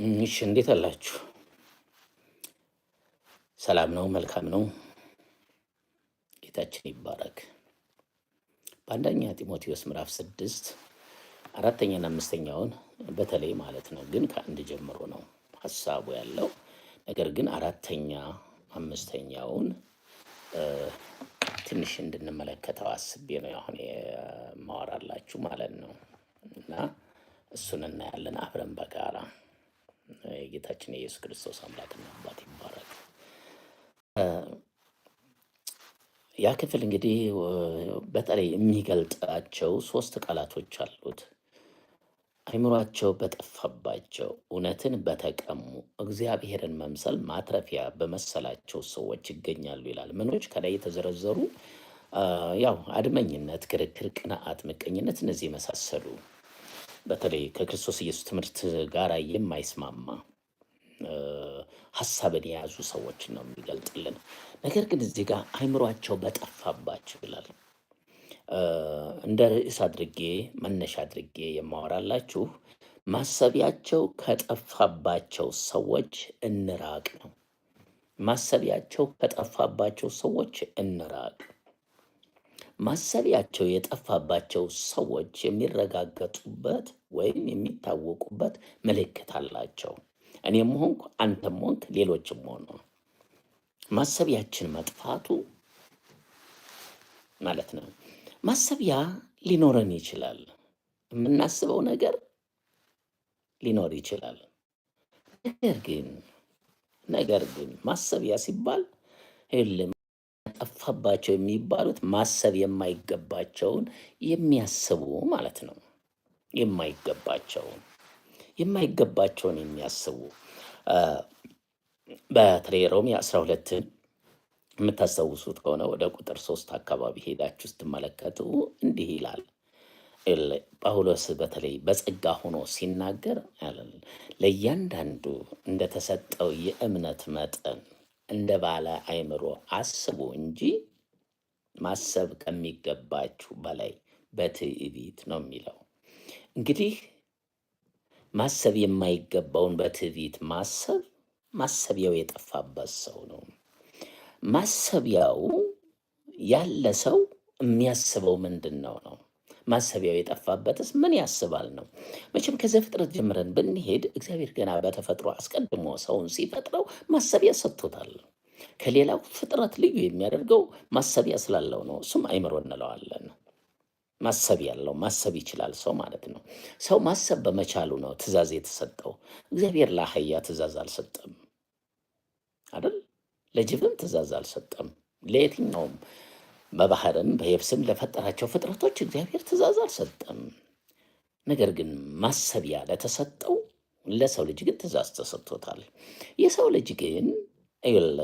እሺ እንዴት አላችሁ? ሰላም ነው፣ መልካም ነው። ጌታችን ይባረክ። በአንደኛ ጢሞቴዎስ ምዕራፍ ስድስት አራተኛና አምስተኛውን በተለይ ማለት ነው፣ ግን ከአንድ ጀምሮ ነው ሀሳቡ ያለው ነገር ግን አራተኛ አምስተኛውን ትንሽ እንድንመለከተው አስቤ ነው አሁን የማወራላችሁ ማለት ነው እና እሱን እናያለን አብረን በጋራ የጌታችን የኢየሱስ ክርስቶስ አምላክና አባት ይባረክ። ያ ክፍል እንግዲህ በተለይ የሚገልጣቸው ሶስት ቃላቶች አሉት። አይምሯቸው በጠፋባቸው እውነትን በተቀሙ እግዚአብሔርን መምሰል ማትረፊያ በመሰላቸው ሰዎች ይገኛሉ ይላል። ምኖች ከላይ የተዘረዘሩ ያው አድመኝነት፣ ክርክር፣ ቅንዓት፣ ምቀኝነት እነዚህ የመሳሰሉ በተለይ ከክርስቶስ ኢየሱስ ትምህርት ጋር የማይስማማ ሀሳብን የያዙ ሰዎችን ነው የሚገልጥልን። ነገር ግን እዚህ ጋር አይምሯቸው በጠፋባቸው ይላል። እንደ ርዕስ አድርጌ መነሻ አድርጌ የማወራላችሁ ማሰቢያቸው ከጠፋባቸው ሰዎች እንራቅ ነው። ማሰቢያቸው ከጠፋባቸው ሰዎች እንራቅ። ማሰቢያቸው የጠፋባቸው ሰዎች የሚረጋገጡበት ወይም የሚታወቁበት ምልክት አላቸው። እኔም ሆንኩ አንተም ሆንክ ሌሎችም ሆኑ ማሰቢያችን መጥፋቱ ማለት ነው። ማሰቢያ ሊኖረን ይችላል። የምናስበው ነገር ሊኖር ይችላል። ነገር ግን ነገር ግን ማሰቢያ ሲባል የለም ጠፋባቸው የሚባሉት ማሰብ የማይገባቸውን የሚያስቡ ማለት ነው። የማይገባቸውን የማይገባቸውን የሚያስቡ በተለይ ሮሜ አስራ ሁለትን የምታስታውሱት ከሆነ ወደ ቁጥር ሶስት አካባቢ ሄዳችሁ ስትመለከቱ እንዲህ ይላል ጳውሎስ በተለይ በጸጋ ሆኖ ሲናገር ለእያንዳንዱ እንደተሰጠው የእምነት መጠን እንደ ባለ አይምሮ አስቡ እንጂ ማሰብ ከሚገባችሁ በላይ በትዕቢት ነው የሚለው። እንግዲህ ማሰብ የማይገባውን በትዕቢት ማሰብ ማሰቢያው የጠፋበት ሰው ነው። ማሰቢያው ያለ ሰው የሚያስበው ምንድን ነው ነው ማሰቢያው የጠፋበትስ ምን ያስባል ነው። መቼም ከዘፍጥረት ጀምረን ብንሄድ እግዚአብሔር ገና በተፈጥሮ አስቀድሞ ሰውን ሲፈጥረው ማሰቢያ ሰጥቶታል። ከሌላው ፍጥረት ልዩ የሚያደርገው ማሰቢያ ስላለው ነው። እሱም አይምሮ እንለዋለን። ማሰብ ያለው ማሰብ ይችላል ሰው ማለት ነው። ሰው ማሰብ በመቻሉ ነው ትእዛዝ የተሰጠው። እግዚአብሔር ለአህያ ትእዛዝ አልሰጠም አይደል? ለጅብም ትእዛዝ አልሰጠም። ለየትኛውም በባህርም በየብስም ለፈጠራቸው ፍጥረቶች እግዚአብሔር ትእዛዝ አልሰጠም። ነገር ግን ማሰቢያ ለተሰጠው ለሰው ልጅ ግን ትእዛዝ ተሰጥቶታል። የሰው ልጅ ግን ይል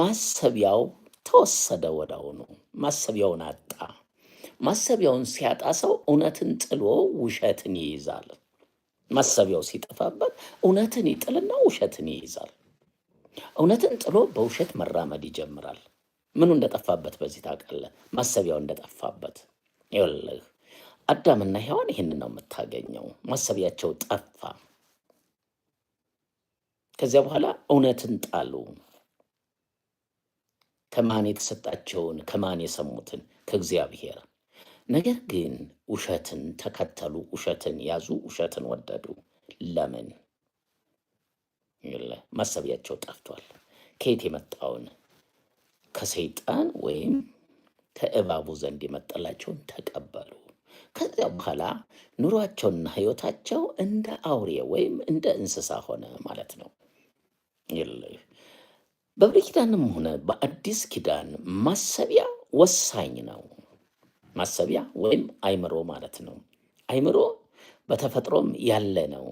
ማሰቢያው ተወሰደ ወዳውኑ፣ ማሰቢያውን አጣ። ማሰቢያውን ሲያጣ ሰው እውነትን ጥሎ ውሸትን ይይዛል። ማሰቢያው ሲጠፋበት እውነትን ይጥልና ውሸትን ይይዛል። እውነትን ጥሎ በውሸት መራመድ ይጀምራል። ምኑ እንደጠፋበት በዚህ ታውቃለህ፣ ማሰቢያው እንደጠፋበት ይኸውልህ። አዳምና ሔዋን ይህን ነው የምታገኘው። ማሰቢያቸው ጠፋ። ከዚያ በኋላ እውነትን ጣሉ። ከማን የተሰጣቸውን ከማን የሰሙትን ከእግዚአብሔር። ነገር ግን ውሸትን ተከተሉ፣ ውሸትን ያዙ፣ ውሸትን ወደዱ። ለምን? ማሰቢያቸው ጠፍቷል። ከየት የመጣውን ከሰይጣን ወይም ከእባቡ ዘንድ የመጣላቸውን ተቀበሉ። ከዚያ በኋላ ኑሯቸውና ሕይወታቸው እንደ አውሬ ወይም እንደ እንስሳ ሆነ ማለት ነው። በብሉይ ኪዳንም ሆነ በአዲስ ኪዳን ማሰቢያ ወሳኝ ነው። ማሰቢያ ወይም አይምሮ ማለት ነው። አይምሮ በተፈጥሮም ያለ ነው።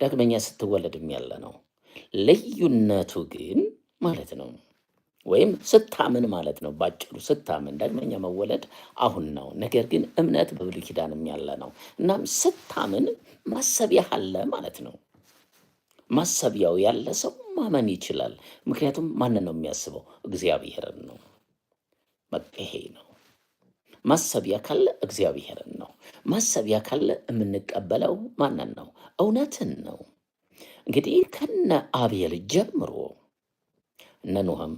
ዳግመኛ ስትወለድም ያለ ነው። ልዩነቱ ግን ማለት ነው ወይም ስታምን ማለት ነው። ባጭሩ ስታምን ዳግመኛ መወለድ አሁን ነው። ነገር ግን እምነት በብሉይ ኪዳንም ያለ ነው። እናም ስታምን ማሰቢያ አለ ማለት ነው። ማሰቢያው ያለ ሰው ማመን ይችላል። ምክንያቱም ማንን ነው የሚያስበው? እግዚአብሔርን ነው። መቀሄ ነው። ማሰቢያ ካለ እግዚአብሔርን ነው። ማሰቢያ ካለ የምንቀበለው ማንን ነው? እውነትን ነው። እንግዲህ ከነ አቤል ጀምሮ እነ ኖህም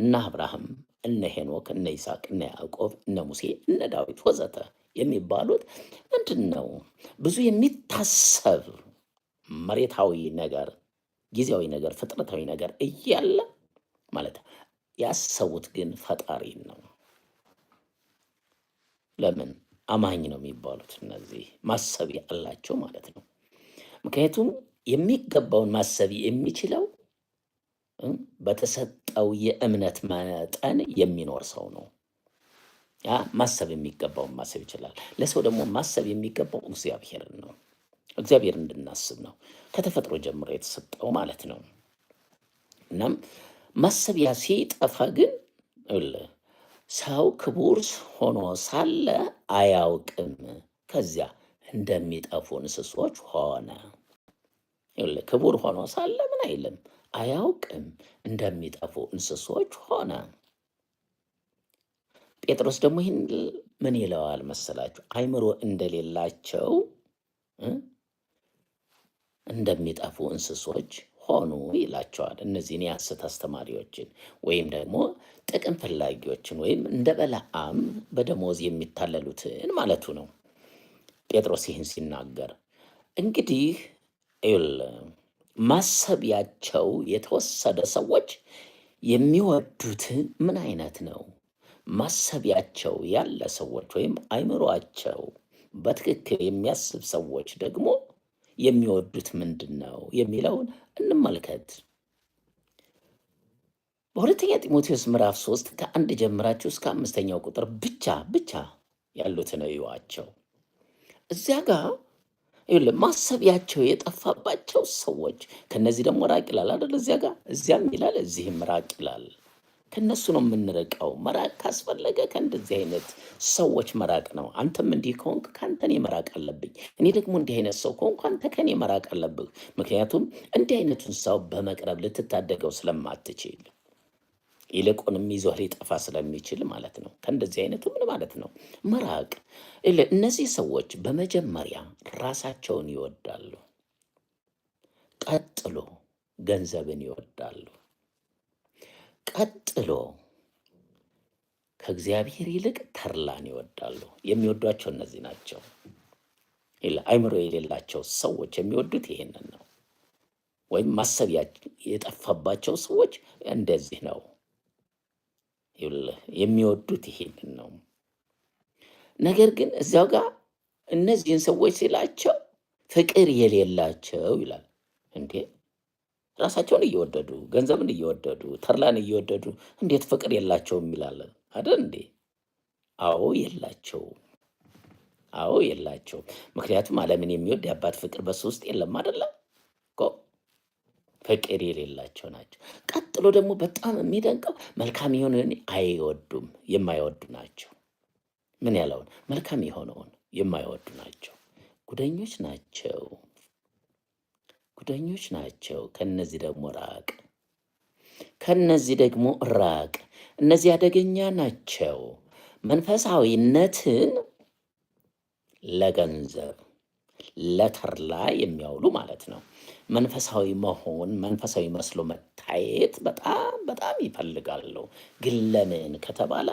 እነ አብርሃም፣ እነ ሄኖክ፣ እነ ይስሐቅ፣ እነ ያዕቆብ፣ እነ ሙሴ፣ እነ ዳዊት ወዘተ የሚባሉት ምንድን ነው? ብዙ የሚታሰብ መሬታዊ ነገር፣ ጊዜያዊ ነገር፣ ፍጥረታዊ ነገር እያለ ማለት ያሰቡት ግን ፈጣሪ ነው። ለምን አማኝ ነው የሚባሉት እነዚህ ማሰብ ያላቸው ማለት ነው። ምክንያቱም የሚገባውን ማሰብ የሚችለው በተሰጠው የእምነት መጠን የሚኖር ሰው ነው። ማሰብ የሚገባውን ማሰብ ይችላል። ለሰው ደግሞ ማሰብ የሚገባው እግዚአብሔርን ነው። እግዚአብሔር እንድናስብ ነው ከተፈጥሮ ጀምሮ የተሰጠው ማለት ነው። እናም ማሰቢያ ሲጠፋ ግን ሰው ክቡር ሆኖ ሳለ አያውቅም። ከዚያ እንደሚጠፉ እንስሶች ሆነ። ክቡር ሆኖ ሳለ ምን አይልም አያውቅም እንደሚጠፉ እንስሶች ሆነ። ጴጥሮስ ደግሞ ይህን ምን ይለዋል መሰላችሁ? አይምሮ እንደሌላቸው እንደሚጠፉ እንስሶች ሆኑ ይላቸዋል። እነዚህን የሐሰት አስተማሪዎችን ወይም ደግሞ ጥቅም ፈላጊዎችን ወይም እንደ በለዓም በደሞዝ የሚታለሉትን ማለቱ ነው። ጴጥሮስ ይህን ሲናገር እንግዲህ ማሰቢያቸው የተወሰደ ሰዎች የሚወዱት ምን አይነት ነው? ማሰቢያቸው ያለ ሰዎች ወይም አይምሯቸው በትክክል የሚያስብ ሰዎች ደግሞ የሚወዱት ምንድን ነው የሚለውን እንመልከት። በሁለተኛ ጢሞቴዎስ ምዕራፍ ሶስት ከአንድ ጀምራችሁ እስከ አምስተኛው ቁጥር ብቻ ብቻ ያሉትን እዩዋቸው። እዚያ ጋር ማሰቢያቸው የጠፋባቸው ሰዎች ከነዚህ ደግሞ ራቅ ይላል አይደል? እዚያ ጋር እዚያም ይላል እዚህም ራቅ ይላል። ከነሱ ነው የምንርቀው። መራቅ ካስፈለገ ከእንደዚህ አይነት ሰዎች መራቅ ነው። አንተም እንዲህ ከሆንክ ከአንተኔ መራቅ አለብኝ። እኔ ደግሞ እንዲህ አይነት ሰው ከሆንኩ አንተ ከኔ መራቅ አለብህ። ምክንያቱም እንዲህ አይነቱን ሰው በመቅረብ ልትታደገው ስለማትችል ይልቁንም ይዞህ ሊጠፋ ስለሚችል ማለት ነው። ከእንደዚህ አይነቱ ምን ማለት ነው መራቅ። እነዚህ ሰዎች በመጀመሪያ ራሳቸውን ይወዳሉ፣ ቀጥሎ ገንዘብን ይወዳሉ፣ ቀጥሎ ከእግዚአብሔር ይልቅ ተድላን ይወዳሉ። የሚወዷቸው እነዚህ ናቸው። አይምሮ የሌላቸው ሰዎች የሚወዱት ይሄንን ነው። ወይም ማሰብ የጠፋባቸው ሰዎች እንደዚህ ነው። የሚወዱት ይሄንን ነው። ነገር ግን እዚያው ጋር እነዚህን ሰዎች ሲላቸው ፍቅር የሌላቸው ይላል። እንዴ ራሳቸውን እየወደዱ ገንዘብን እየወደዱ ተርላን እየወደዱ እንዴት ፍቅር የላቸውም ይላለን አይደል እንዴ? አዎ የላቸውም። አዎ የላቸው። ምክንያቱም ዓለምን የሚወድ የአባት ፍቅር በሱ ውስጥ የለም አይደለም እኮ ፍቅር የሌላቸው ናቸው። ቀጥሎ ደግሞ በጣም የሚደንቀው መልካም የሆነውን አይወዱም፣ የማይወዱ ናቸው። ምን ያለውን መልካም የሆነውን የማይወዱ ናቸው። ጉደኞች ናቸው፣ ጉደኞች ናቸው። ከነዚህ ደግሞ ራቅ፣ ከነዚህ ደግሞ ራቅ። እነዚህ አደገኛ ናቸው። መንፈሳዊነትን ለገንዘብ ለተርላ የሚያውሉ ማለት ነው። መንፈሳዊ መሆን መንፈሳዊ መስሎ መታየት በጣም በጣም ይፈልጋሉ። ግን ለምን ከተባለ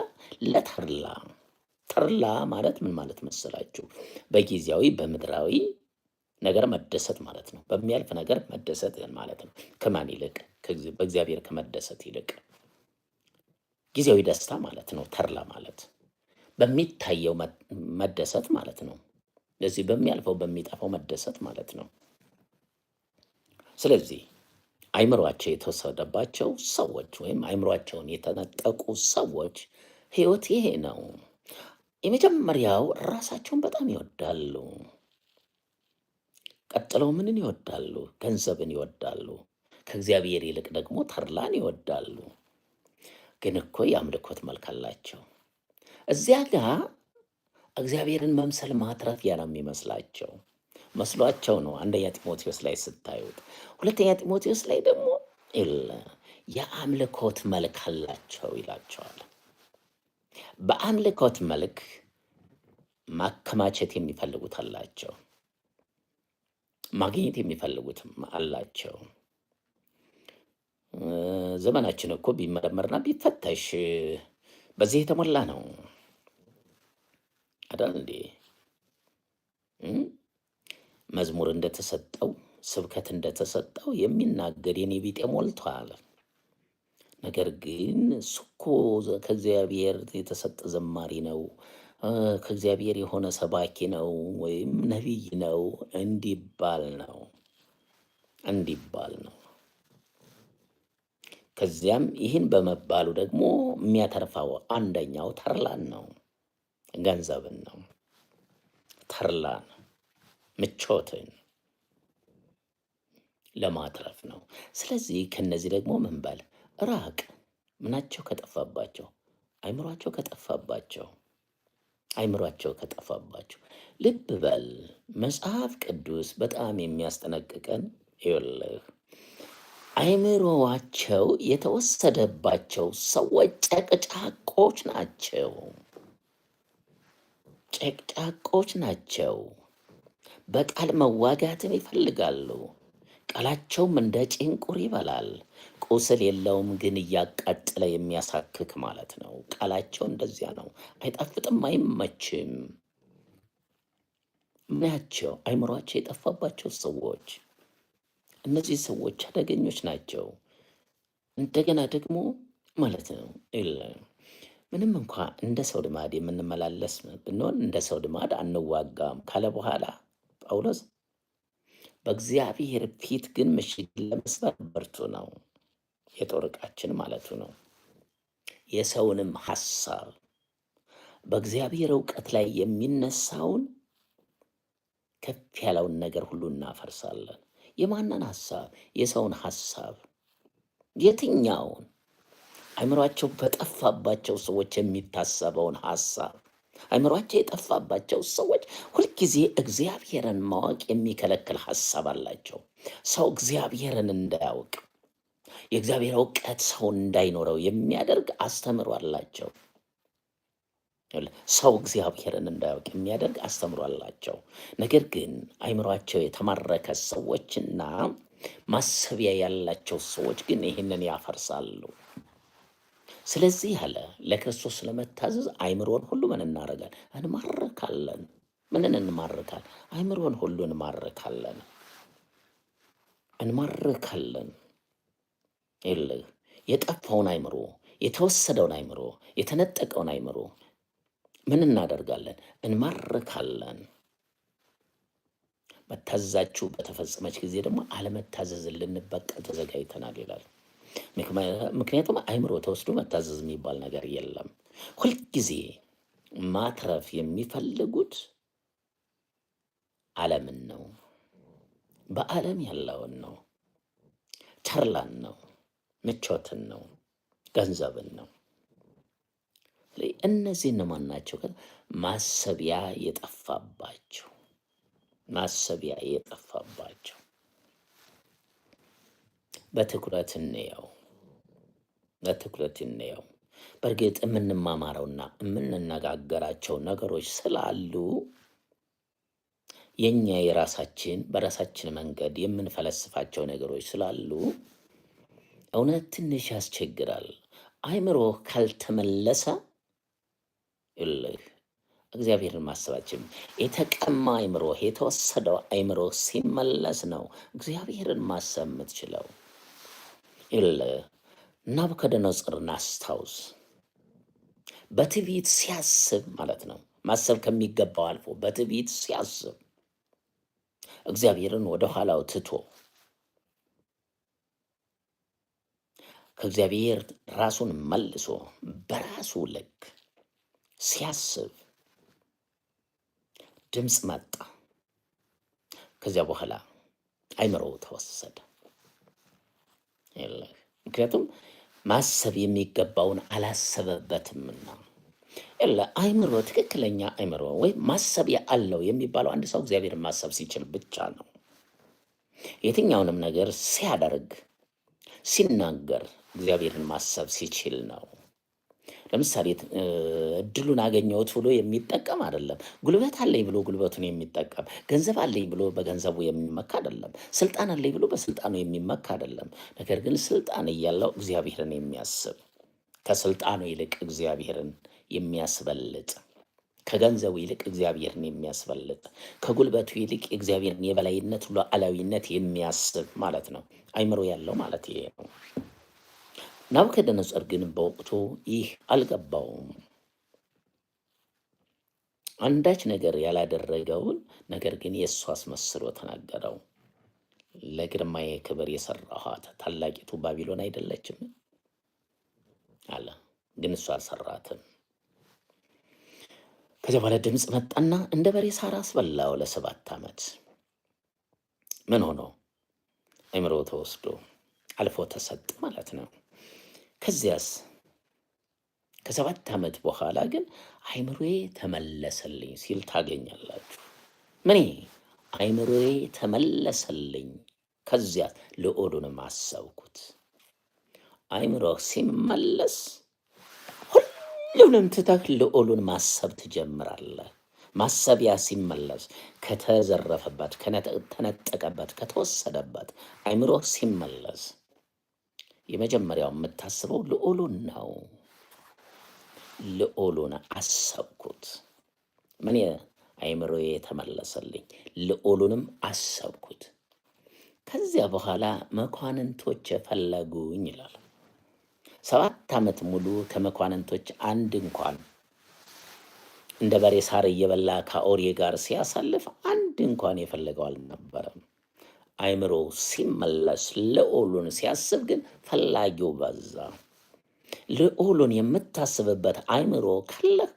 ለተርላ ተርላ ማለት ምን ማለት መሰላችሁ? በጊዜያዊ በምድራዊ ነገር መደሰት ማለት ነው። በሚያልፍ ነገር መደሰት ማለት ነው። ከማን ይልቅ? በእግዚአብሔር ከመደሰት ይልቅ ጊዜያዊ ደስታ ማለት ነው። ተርላ ማለት በሚታየው መደሰት ማለት ነው። ለዚህ በሚያልፈው በሚጠፋው መደሰት ማለት ነው። ስለዚህ አይምሯቸው የተወሰደባቸው ሰዎች ወይም አይምሯቸውን የተነጠቁ ሰዎች ህይወት ይሄ ነው። የመጀመሪያው ራሳቸውን በጣም ይወዳሉ። ቀጥለው ምንን ይወዳሉ? ገንዘብን ይወዳሉ። ከእግዚአብሔር ይልቅ ደግሞ ተድላን ይወዳሉ። ግን እኮ የአምልኮት መልክ አላቸው። እዚያ ጋር እግዚአብሔርን መምሰል ማትረፊያ ነው የሚመስላቸው። መስሏቸው ነው። አንደኛ ጢሞቴዎስ ላይ ስታዩት፣ ሁለተኛ ጢሞቴዎስ ላይ ደግሞ የአምልኮት መልክ አላቸው ይላቸዋል። በአምልኮት መልክ ማከማቸት የሚፈልጉት አላቸው፣ ማግኘት የሚፈልጉትም አላቸው። ዘመናችን እኮ ቢመረመርና ቢፈተሽ በዚህ የተሞላ ነው አይደል እንዴ? መዝሙር እንደተሰጠው ስብከት እንደተሰጠው የሚናገር የኔ ቢጤ ሞልቷል። ነገር ግን እሱ እኮ ከእግዚአብሔር የተሰጠ ዘማሪ ነው፣ ከእግዚአብሔር የሆነ ሰባኪ ነው ወይም ነቢይ ነው እንዲባል ነው እንዲባል ነው። ከዚያም ይህን በመባሉ ደግሞ የሚያተርፋው አንደኛው ተርላን ነው፣ ገንዘብን ነው፣ ተርላን ምቾትን ለማትረፍ ነው። ስለዚህ ከነዚህ ደግሞ ምንበል ራቅ። ምናቸው ከጠፋባቸው አይምሯቸው ከጠፋባቸው አይምሯቸው ከጠፋባቸው ልብ በል። መጽሐፍ ቅዱስ በጣም የሚያስጠነቅቀን ይኸውልህ አይምሮዋቸው የተወሰደባቸው ሰዎች ጨቅጫቆች ናቸው። ጨቅጫቆች ናቸው። በቃል መዋጋትን ይፈልጋሉ። ቃላቸውም እንደ ጭንቁር ይበላል። ቁስል የለውም ግን እያቃጠለ የሚያሳክክ ማለት ነው። ቃላቸው እንደዚያ ነው። አይጣፍጥም፣ አይመችም። ምናያቸው አይምሯቸው የጠፋባቸው ሰዎች እነዚህ ሰዎች አደገኞች ናቸው። እንደገና ደግሞ ማለት ነው ምንም እንኳ እንደ ሰው ልማድ የምንመላለስ ብንሆን እንደ ሰው ልማድ አንዋጋም ካለ በኋላ ጳውሎስ በእግዚአብሔር ፊት ግን ምሽግ ለመስበር ብርቱ ነው፣ የጦር ዕቃችን ማለቱ ነው። የሰውንም ሐሳብ በእግዚአብሔር እውቀት ላይ የሚነሳውን ከፍ ያለውን ነገር ሁሉ እናፈርሳለን። የማንን ሐሳብ? የሰውን ሐሳብ። የትኛውን? አእምሯቸው በጠፋባቸው ሰዎች የሚታሰበውን ሐሳብ አይምሯቸው የጠፋባቸው ሰዎች ሁልጊዜ እግዚአብሔርን ማወቅ የሚከለክል ሀሳብ አላቸው። ሰው እግዚአብሔርን እንዳያውቅ የእግዚአብሔር እውቀት ሰው እንዳይኖረው የሚያደርግ አስተምሮ አላቸው። ሰው እግዚአብሔርን እንዳያውቅ የሚያደርግ አስተምሮ አላቸው። ነገር ግን አይምሯቸው የተማረከ ሰዎችና ማሰቢያ ያላቸው ሰዎች ግን ይህንን ያፈርሳሉ። ስለዚህ አለ ለክርስቶስ ለመታዘዝ አይምሮን ሁሉ ምን እናደርጋለን? እንማርካለን። ምንን እንማርካል? አይምሮን ሁሉ እንማርካለን፣ እንማርካለን። ይኸውልህ የጠፋውን አይምሮ፣ የተወሰደውን አይምሮ፣ የተነጠቀውን አይምሮ ምን እናደርጋለን? እንማርካለን። መታዘዛችሁ በተፈጸመች ጊዜ ደግሞ አለመታዘዝን ልንበቀል ተዘጋጅተናል ይላል። ምክንያቱም አይምሮ ተወስዶ መታዘዝ የሚባል ነገር የለም። ሁልጊዜ ማትረፍ የሚፈልጉት ዓለምን ነው፣ በዓለም ያለውን ነው፣ ተርላን ነው፣ ምቾትን ነው፣ ገንዘብን ነው። እነዚህ እነማን ናቸው? ማሰቢያ የጠፋባቸው ማሰቢያ የጠፋባቸው በትኩረት እንየው፣ በትኩረት እንየው። በእርግጥ የምንማማረውና የምንነጋገራቸው ነገሮች ስላሉ የኛ የራሳችን በራሳችን መንገድ የምንፈለስፋቸው ነገሮች ስላሉ እውነት ትንሽ ያስቸግራል። አይምሮ ካልተመለሰ ይልህ እግዚአብሔርን ማሰባችን የተቀማ አይምሮህ የተወሰደው አይምሮህ ሲመለስ ነው እግዚአብሔርን ማሰብ የምትችለው። ዳንኤል ናቡከደነጽርን አስታውስ። በትዕቢት ሲያስብ ማለት ነው። ማሰብ ከሚገባው አልፎ በትዕቢት ሲያስብ እግዚአብሔርን ወደ ኋላው ትቶ ከእግዚአብሔር ራሱን መልሶ በራሱ ልክ ሲያስብ ድምፅ መጣ። ከዚያ በኋላ አይምሮ ተወሰደ። ምክንያቱም ማሰብ የሚገባውን አላሰበበትምና የለ አይምሮ፣ ትክክለኛ አይምሮ ወይም ማሰብ አለው የሚባለው አንድ ሰው እግዚአብሔርን ማሰብ ሲችል ብቻ ነው። የትኛውንም ነገር ሲያደርግ ሲናገር እግዚአብሔርን ማሰብ ሲችል ነው። ለምሳሌ እድሉን አገኘሁት ብሎ የሚጠቀም አይደለም። ጉልበት አለኝ ብሎ ጉልበቱን የሚጠቀም፣ ገንዘብ አለኝ ብሎ በገንዘቡ የሚመካ አይደለም። ስልጣን አለኝ ብሎ በስልጣኑ የሚመካ አይደለም። ነገር ግን ስልጣን እያለው እግዚአብሔርን የሚያስብ ከስልጣኑ ይልቅ እግዚአብሔርን የሚያስበልጥ ከገንዘቡ ይልቅ እግዚአብሔርን የሚያስበልጥ ከጉልበቱ ይልቅ እግዚአብሔርን የበላይነት ሉዓላዊነት የሚያስብ ማለት ነው። አይምሮ ያለው ማለት ይሄ ነው። ናቡከደነጾር ግን በወቅቱ ይህ አልገባውም። አንዳች ነገር ያላደረገውን ነገር ግን የእሱ አስመስሎ ተናገረው። ለግርማዬ ክብር የሰራኋት ታላቂቱ ባቢሎን አይደለችም አለ። ግን እሱ አልሰራትም። ከዚ በኋላ ድምፅ መጣና እንደ በሬ ሳር አስበላው ለሰባት ዓመት። ምን ሆኖ? አእምሮ ተወስዶ አልፎ ተሰጥ ማለት ነው። ከዚያስ ከሰባት ዓመት በኋላ ግን አይምሮዬ ተመለሰልኝ ሲል ታገኛላችሁ። ምን አይምሮዬ ተመለሰልኝ፣ ከዚያ ልዑሉንም አሰብኩት። አይምሮ ሲመለስ ሁሉንም ትተህ ልዑሉን ማሰብ ትጀምራለህ። ማሰቢያ ሲመለስ ከተዘረፈበት፣ ከተነጠቀበት፣ ከተወሰደበት አይምሮ ሲመለስ የመጀመሪያው የምታስበው ልዑሉን ነው። ልዑሉን አሰብኩት። ምን አይምሮ የተመለሰልኝ ልዑሉንም አሰብኩት። ከዚያ በኋላ መኳንንቶች የፈለጉኝ ይላል። ሰባት ዓመት ሙሉ ከመኳንንቶች አንድ እንኳን እንደ በሬ ሳር እየበላ ከአውሬ ጋር ሲያሳልፍ አንድ እንኳን የፈለገው አልነበረም። አይምሮ ሲመለስ ልዑሉን ሲያስብ ግን ፈላጊው በዛ። ልዑሉን የምታስብበት አይምሮ ካለህ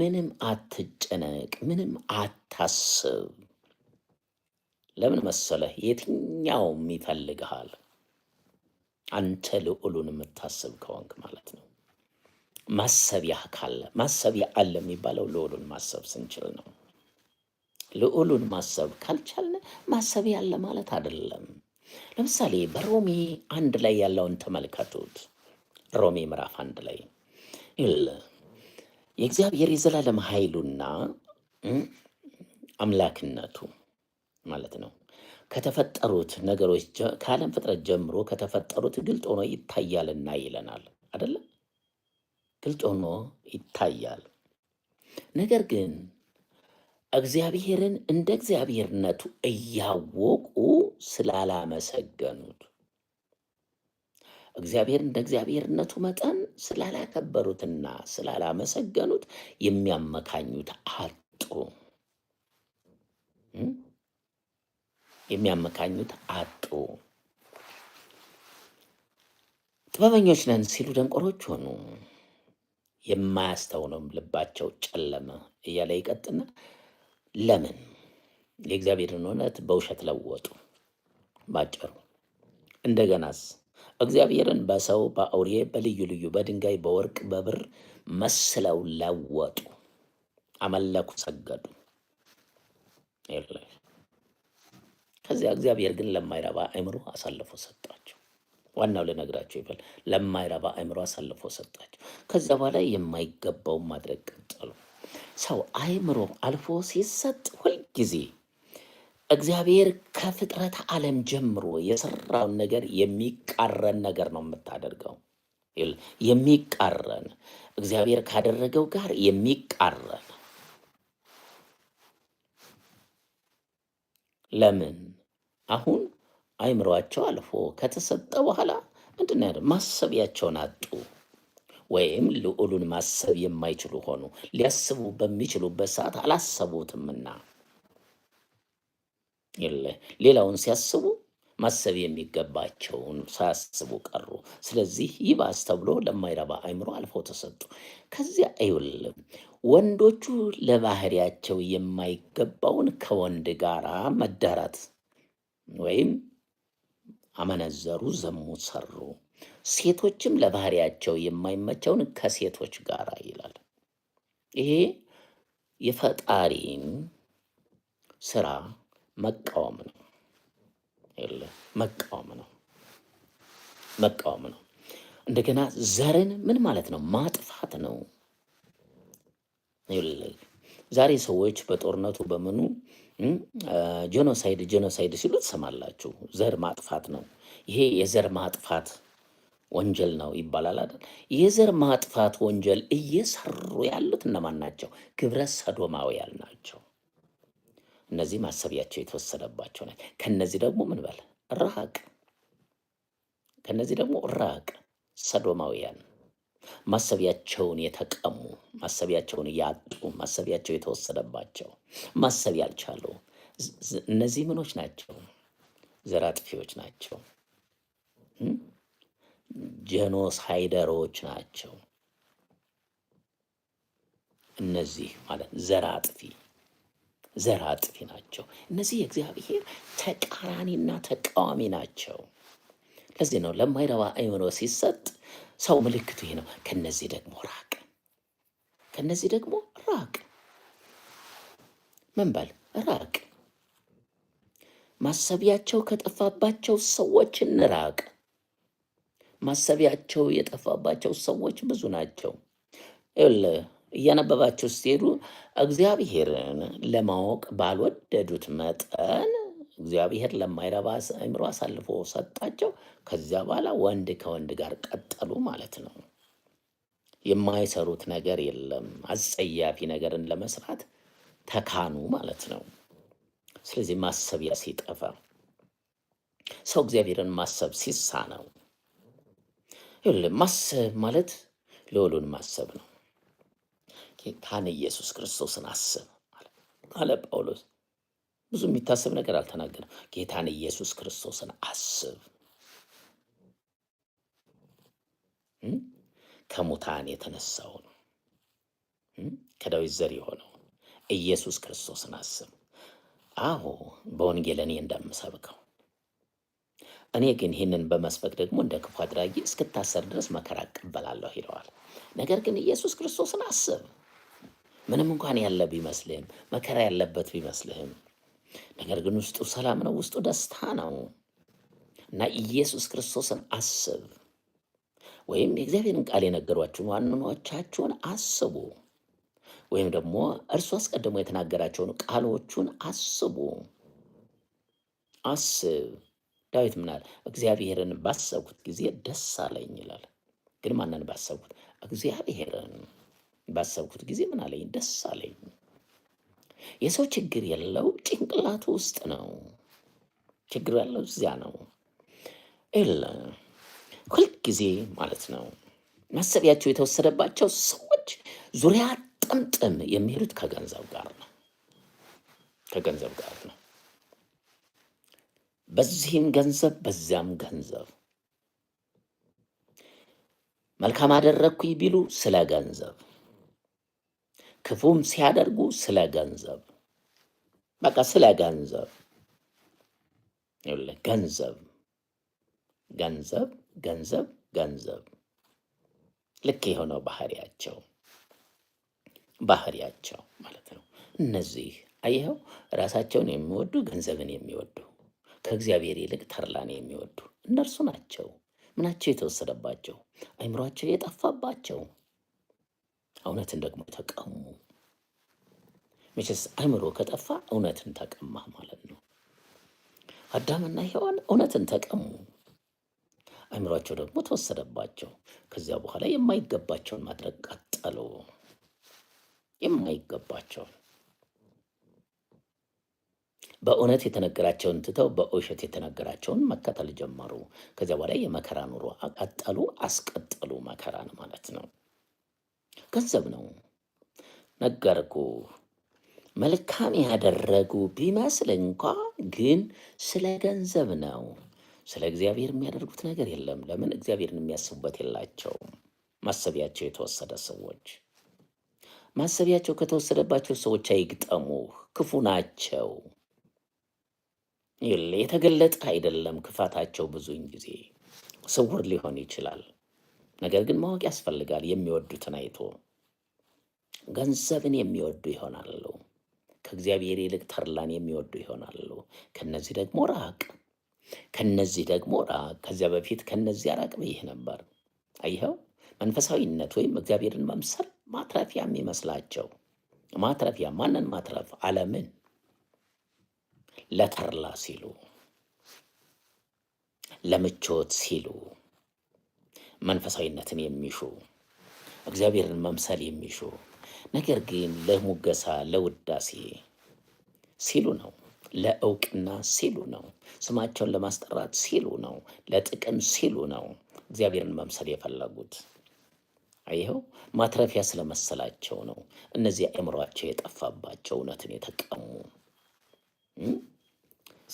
ምንም አትጨነቅ፣ ምንም አታስብ። ለምን መሰለህ? የትኛውም ይፈልግሃል። አንተ ልዑሉን የምታስብ ከሆንክ ማለት ነው። ማሰቢያ ካለ ማሰቢያ አለ የሚባለው ልዑሉን ማሰብ ስንችል ነው። ልዑሉን ማሰብ ካልቻልን ማሰብ ያለ ማለት አይደለም። ለምሳሌ በሮሚ አንድ ላይ ያለውን ተመልከቱት። ሮሚ ምዕራፍ አንድ ላይ የእግዚአብሔር የዘላለም ኃይሉና አምላክነቱ ማለት ነው ከተፈጠሩት ነገሮች ከዓለም ፍጥረት ጀምሮ ከተፈጠሩት ግልጥ ሆኖ ይታያልና ይለናል አደለ? ግልጽ ሆኖ ይታያል። ነገር ግን እግዚአብሔርን እንደ እግዚአብሔርነቱ እያወቁ ስላላመሰገኑት እግዚአብሔር እንደ እግዚአብሔርነቱ መጠን ስላላከበሩትና ስላላመሰገኑት የሚያመካኙት አጡ። የሚያመካኙት አጡ። ጥበበኞች ነን ሲሉ ደንቆሮች ሆኑ። የማያስተውነውም ልባቸው ጨለመ እያለ ይቀጥና ለምን የእግዚአብሔርን እውነት በውሸት ለወጡ? ባጭሩ እንደገናስ እግዚአብሔርን በሰው በአውሬ በልዩ ልዩ በድንጋይ በወርቅ በብር መስለው ለወጡ፣ አመለኩ፣ ሰገዱ። ከዚያ እግዚአብሔር ግን ለማይረባ አእምሮ አሳልፎ ሰጣቸው። ዋናው ልነግራቸው ይበል፣ ለማይረባ አእምሮ አሳልፎ ሰጣቸው። ከዚያ በኋላ የማይገባውን ማድረግ ቀጠሉ። ሰው አእምሮ አልፎ ሲሰጥ ሁልጊዜ እግዚአብሔር ከፍጥረት ዓለም ጀምሮ የሰራውን ነገር የሚቃረን ነገር ነው የምታደርገው። የሚቃረን እግዚአብሔር ካደረገው ጋር የሚቃረን ለምን አሁን አእምሯቸው አልፎ ከተሰጠ በኋላ ምንድን ነው ማሰቢያቸውን አጡ። ወይም ልዑሉን ማሰብ የማይችሉ ሆኑ፣ ሊያስቡ በሚችሉበት ሰዓት አላሰቡትምና። ሌላውን ሲያስቡ ማሰብ የሚገባቸውን ሳያስቡ ቀሩ። ስለዚህ ይባስ ተብሎ ለማይረባ አይምሮ አልፈው ተሰጡ። ከዚያ አይውልም። ወንዶቹ ለባህሪያቸው የማይገባውን ከወንድ ጋር መዳራት ወይም አመነዘሩ፣ ዘሙ፣ ሰሩ። ሴቶችም ለባህሪያቸው የማይመቸውን ከሴቶች ጋር ይላል። ይሄ የፈጣሪን ስራ መቃወም ነው። መቃወም ነው። መቃወም ነው። እንደገና ዘርን ምን ማለት ነው? ማጥፋት ነው። ዛሬ ሰዎች በጦርነቱ በምኑ ጄኖሳይድ ጄኖሳይድ ሲሉ ትሰማላችሁ። ዘር ማጥፋት ነው። ይሄ የዘር ማጥፋት ወንጀል ነው ይባላል አይደል? የዘር ማጥፋት ወንጀል እየሰሩ ያሉት እነማን ናቸው? ግብረ ሰዶማውያን ናቸው። እነዚህ ማሰቢያቸው የተወሰደባቸው ናቸው። ከነዚህ ደግሞ ምን በል ራቅ፣ ከነዚህ ደግሞ ራቅ። ሰዶማውያን ማሰቢያቸውን የተቀሙ ማሰቢያቸውን ያጡ ማሰቢያቸው የተወሰደባቸው ማሰብ ያልቻሉ እነዚህ ምኖች ናቸው? ዘር አጥፊዎች ናቸው። ጀኖሳይደሮች ናቸው። እነዚህ ማለት ዘር አጥፊ ዘር አጥፊ ናቸው። እነዚህ የእግዚአብሔር ተቃራኒና ተቃዋሚ ናቸው። ለዚህ ነው ለማይረባ አእምሮ ሲሰጥ ሰው ምልክቱ ይሄ ነው። ከነዚህ ደግሞ ራቅ፣ ከነዚህ ደግሞ ራቅ። ምን በል ራቅ። ማሰቢያቸው ከጠፋባቸው ሰዎች እንራቅ። ማሰቢያቸው የጠፋባቸው ሰዎች ብዙ ናቸው። እያነበባቸው ስትሄዱ እግዚአብሔርን ለማወቅ ባልወደዱት መጠን እግዚአብሔር ለማይረባ አእምሮ አሳልፎ ሰጣቸው። ከዚያ በኋላ ወንድ ከወንድ ጋር ቀጠሉ ማለት ነው። የማይሰሩት ነገር የለም። አጸያፊ ነገርን ለመስራት ተካኑ ማለት ነው። ስለዚህ ማሰቢያ ሲጠፋ ሰው እግዚአብሔርን ማሰብ ሲሳ ነው። ማሰብ ማለት ልዑሉን ማሰብ ነው። ጌታን ኢየሱስ ክርስቶስን አስብ አለ ጳውሎስ። ብዙ የሚታሰብ ነገር አልተናገረም። ጌታን ኢየሱስ ክርስቶስን አስብ ከሙታን የተነሳውን ከዳዊት ዘር የሆነው ኢየሱስ ክርስቶስን አስብ። አዎ በወንጌል እኔ እኔ ግን ይህንን በመስበክ ደግሞ እንደ ክፉ አድራጊ እስክታሰር ድረስ መከራ እቀበላለሁ ይለዋል። ነገር ግን ኢየሱስ ክርስቶስን አስብ። ምንም እንኳን ያለ ቢመስልህም፣ መከራ ያለበት ቢመስልህም፣ ነገር ግን ውስጡ ሰላም ነው፣ ውስጡ ደስታ ነው እና ኢየሱስ ክርስቶስን አስብ ወይም የእግዚአብሔርን ቃል የነገሯችሁን ዋንኖቻችሁን አስቡ ወይም ደግሞ እርሱ አስቀድሞ የተናገራቸውን ቃሎቹን አስቡ። አስብ ዳዊት ምናል እግዚአብሔርን ባሰብኩት ጊዜ ደስ አለኝ ይላል። ግን ማንን ባሰብኩት? እግዚአብሔርን ባሰብኩት ጊዜ ምን አለኝ? ደስ አለኝ። የሰው ችግር የለው ጭንቅላቱ ውስጥ ነው። ችግር ያለው እዚያ ነው። ኤል ሁልጊዜ ማለት ነው ማሰቢያቸው የተወሰደባቸው ሰዎች ዙሪያ ጥምጥም የሚሄዱት ከገንዘብ ጋር ነው። ከገንዘብ ጋር ነው። በዚህም ገንዘብ በዚያም ገንዘብ መልካም አደረግኩኝ ቢሉ ስለ ገንዘብ፣ ክፉም ሲያደርጉ ስለ ገንዘብ፣ በቃ ስለ ገንዘብ ገንዘብ ገንዘብ ገንዘብ ገንዘብ ልክ የሆነው ባህሪያቸው ባህሪያቸው ማለት ነው። እነዚህ አየኸው ራሳቸውን የሚወዱ ገንዘብን የሚወዱ ከእግዚአብሔር ይልቅ ተርላን የሚወዱ እነርሱ ናቸው። ምናቸው የተወሰደባቸው፣ አይምሯቸው የጠፋባቸው፣ እውነትን ደግሞ ተቀሙ። መቼስ አይምሮ ከጠፋ እውነትን ተቀማ ማለት ነው። አዳምና ሔዋን እውነትን ተቀሙ፣ አይምሯቸው ደግሞ ተወሰደባቸው። ከዚያ በኋላ የማይገባቸውን ማድረግ ቀጠሉ። የማይገባቸውን በእውነት የተነገራቸውን ትተው በውሸት የተነገራቸውን መከተል ጀመሩ። ከዚያ በኋላ የመከራ ኑሮ አቀጠሉ፣ አስቀጠሉ መከራን ማለት ነው። ገንዘብ ነው ነገርኩ። መልካም ያደረጉ ቢመስል እንኳ ግን ስለ ገንዘብ ነው። ስለ እግዚአብሔር የሚያደርጉት ነገር የለም። ለምን? እግዚአብሔርን የሚያስቡበት የላቸውም። ማሰቢያቸው የተወሰደ ሰዎች ማሰቢያቸው ከተወሰደባቸው ሰዎች አይግጠሙ፣ ክፉ ናቸው። የተገለጠ አይደለም። ክፋታቸው ብዙውን ጊዜ ስውር ሊሆን ይችላል። ነገር ግን ማወቅ ያስፈልጋል። የሚወዱትን አይቶ ገንዘብን የሚወዱ ይሆናሉ። ከእግዚአብሔር ይልቅ ተርላን የሚወዱ ይሆናሉ። ከነዚህ ደግሞ ራቅ፣ ከነዚህ ደግሞ ራቅ። ከዚያ በፊት ከነዚህ አራቅ ብይህ ነበር። አይኸው መንፈሳዊነት ወይም እግዚአብሔርን መምሰል ማትረፊያ የሚመስላቸው ማትረፊያ፣ ማንን ማትረፍ? ዓለምን ለተርላ ሲሉ፣ ለምቾት ሲሉ፣ መንፈሳዊነትን የሚሹ እግዚአብሔርን መምሰል የሚሹ ነገር ግን ለሙገሳ ለውዳሴ ሲሉ ነው። ለእውቅና ሲሉ ነው። ስማቸውን ለማስጠራት ሲሉ ነው። ለጥቅም ሲሉ ነው እግዚአብሔርን መምሰል የፈለጉት። ይኸው ማትረፊያ ስለመሰላቸው ነው። እነዚህ አእምሯቸው የጠፋባቸው እውነትን የተቀሙ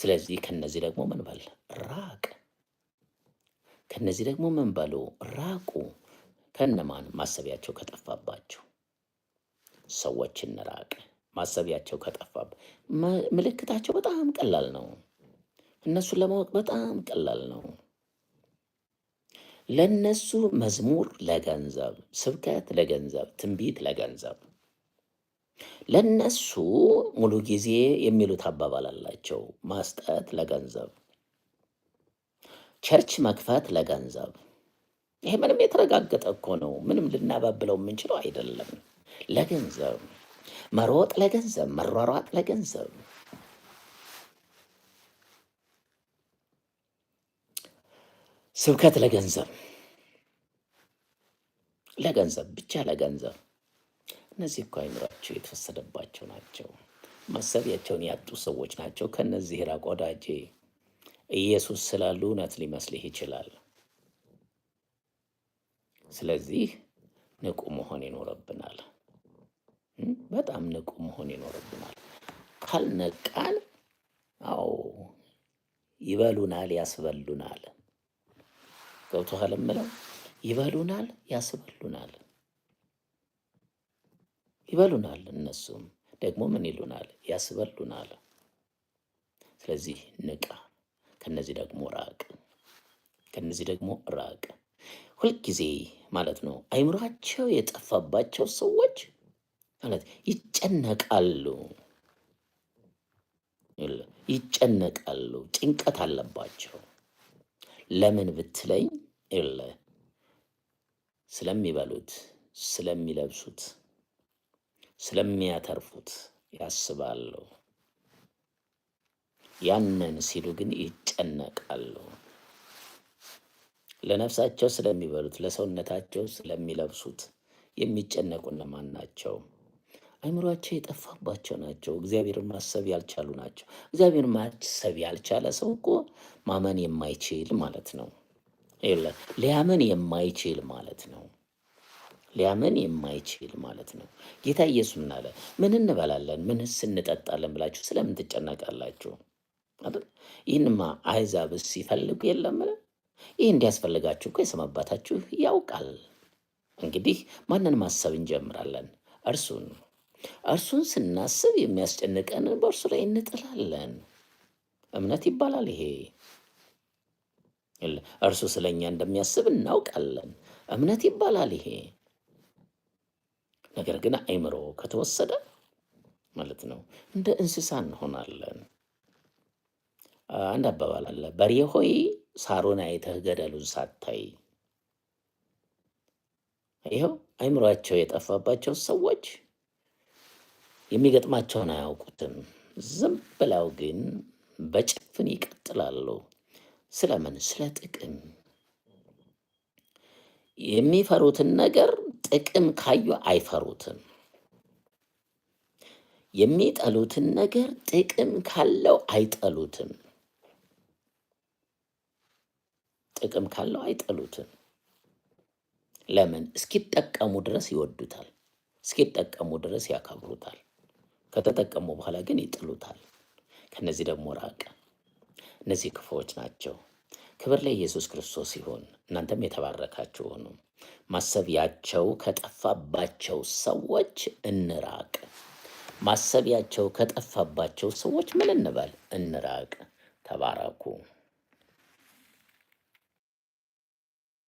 ስለዚህ ከነዚህ ደግሞ ምን በል ራቅ። ከነዚህ ደግሞ ምን በሉ ራቁ። ከነማን ማሰቢያቸው ከጠፋባቸው ሰዎች እንራቅ። ማሰቢያቸው ከጠፋብ ምልክታቸው በጣም ቀላል ነው። እነሱን ለማወቅ በጣም ቀላል ነው። ለነሱ መዝሙር ለገንዘብ፣ ስብከት ለገንዘብ፣ ትንቢት ለገንዘብ ለነሱ ሙሉ ጊዜ የሚሉት አባባል አላቸው። ማስጠት ለገንዘብ፣ ቸርች መክፈት ለገንዘብ። ይሄ ምንም የተረጋገጠ እኮ ነው። ምንም ልናባብለው የምንችለው አይደለም። ለገንዘብ መሮጥ፣ ለገንዘብ መሯሯጥ፣ ለገንዘብ ስብከት፣ ለገንዘብ ለገንዘብ ብቻ ለገንዘብ እነዚህ እኮ አይምሯቸው የተወሰደባቸው ናቸው፣ ማሰቢያቸውን ያጡ ሰዎች ናቸው። ከነዚህ ራቅ ወዳጄ። ኢየሱስ ስላሉ እውነት ሊመስልህ ይችላል። ስለዚህ ንቁ መሆን ይኖርብናል። በጣም ንቁ መሆን ይኖርብናል። ካልነቃን፣ አዎ ይበሉናል፣ ያስበሉናል። ገብቶሃል እምለው? ይበሉናል፣ ያስበሉናል። ይበሉናል። እነሱም ደግሞ ምን ይሉናል? ያስበሉናል። ስለዚህ ንቃ፣ ከነዚህ ደግሞ ራቅ፣ ከነዚህ ደግሞ ራቅ። ሁልጊዜ ማለት ነው አይምሯቸው የጠፋባቸው ሰዎች ማለት ይጨነቃሉ ይጨነቃሉ፣ ጭንቀት አለባቸው። ለምን ብትለኝ፣ የለ ስለሚበሉት፣ ስለሚለብሱት ስለሚያተርፉት ያስባለሁ? ያንን ሲሉ ግን ይጨነቃሉ። ለነፍሳቸው ስለሚበሉት፣ ለሰውነታቸው ስለሚለብሱት የሚጨነቁ እነማን ናቸው? አይምሯቸው የጠፋባቸው ናቸው። እግዚአብሔርን ማሰብ ያልቻሉ ናቸው። እግዚአብሔርን ማሰብ ያልቻለ ሰው እኮ ማመን የማይችል ማለት ነው። ሊያምን የማይችል ማለት ነው። ሊያምን የማይችል ማለት ነው። ጌታ ኢየሱስ ምን አለ? ምን እንበላለን፣ ምንስ እንጠጣለን ብላችሁ ስለምን ትጨነቃላችሁ? አይደል? ይህንማ አሕዛብስ ሲፈልጉ የለምን? ይህ እንዲያስፈልጋችሁ እኮ የሰማይ አባታችሁ ያውቃል። እንግዲህ ማንን ማሰብ እንጀምራለን? እርሱን እርሱን ስናስብ የሚያስጨንቀን በእርሱ ላይ እንጥላለን። እምነት ይባላል ይሄ። እርሱ ስለኛ እንደሚያስብ እናውቃለን። እምነት ይባላል ይሄ። ነገር ግን አእምሮ ከተወሰደ ማለት ነው እንደ እንስሳ እንሆናለን። አንድ አባባል አለ፣ በሬ ሆይ ሳሩን አይተህ ገደሉን ሳታይ። ይኸው አእምሯቸው የጠፋባቸው ሰዎች የሚገጥማቸውን አያውቁትም። ዝም ብለው ግን በጭፍን ይቀጥላሉ። ስለምን? ስለ ጥቅም የሚፈሩትን ነገር ጥቅም ካዩ አይፈሩትም። የሚጠሉትን ነገር ጥቅም ካለው አይጠሉትም። ጥቅም ካለው አይጠሉትም። ለምን? እስኪጠቀሙ ድረስ ይወዱታል። እስኪጠቀሙ ድረስ ያከብሩታል። ከተጠቀሙ በኋላ ግን ይጥሉታል። ከነዚህ ደግሞ ራቀ። እነዚህ ክፉዎች ናቸው። ክብር ላይ ኢየሱስ ክርስቶስ ሲሆን እናንተም የተባረካችሁ ሆኑም ማሰቢያቸው ከጠፋባቸው ሰዎች እንራቅ። ማሰቢያቸው ከጠፋባቸው ሰዎች ምን እንበል? እንራቅ። ተባረኩ።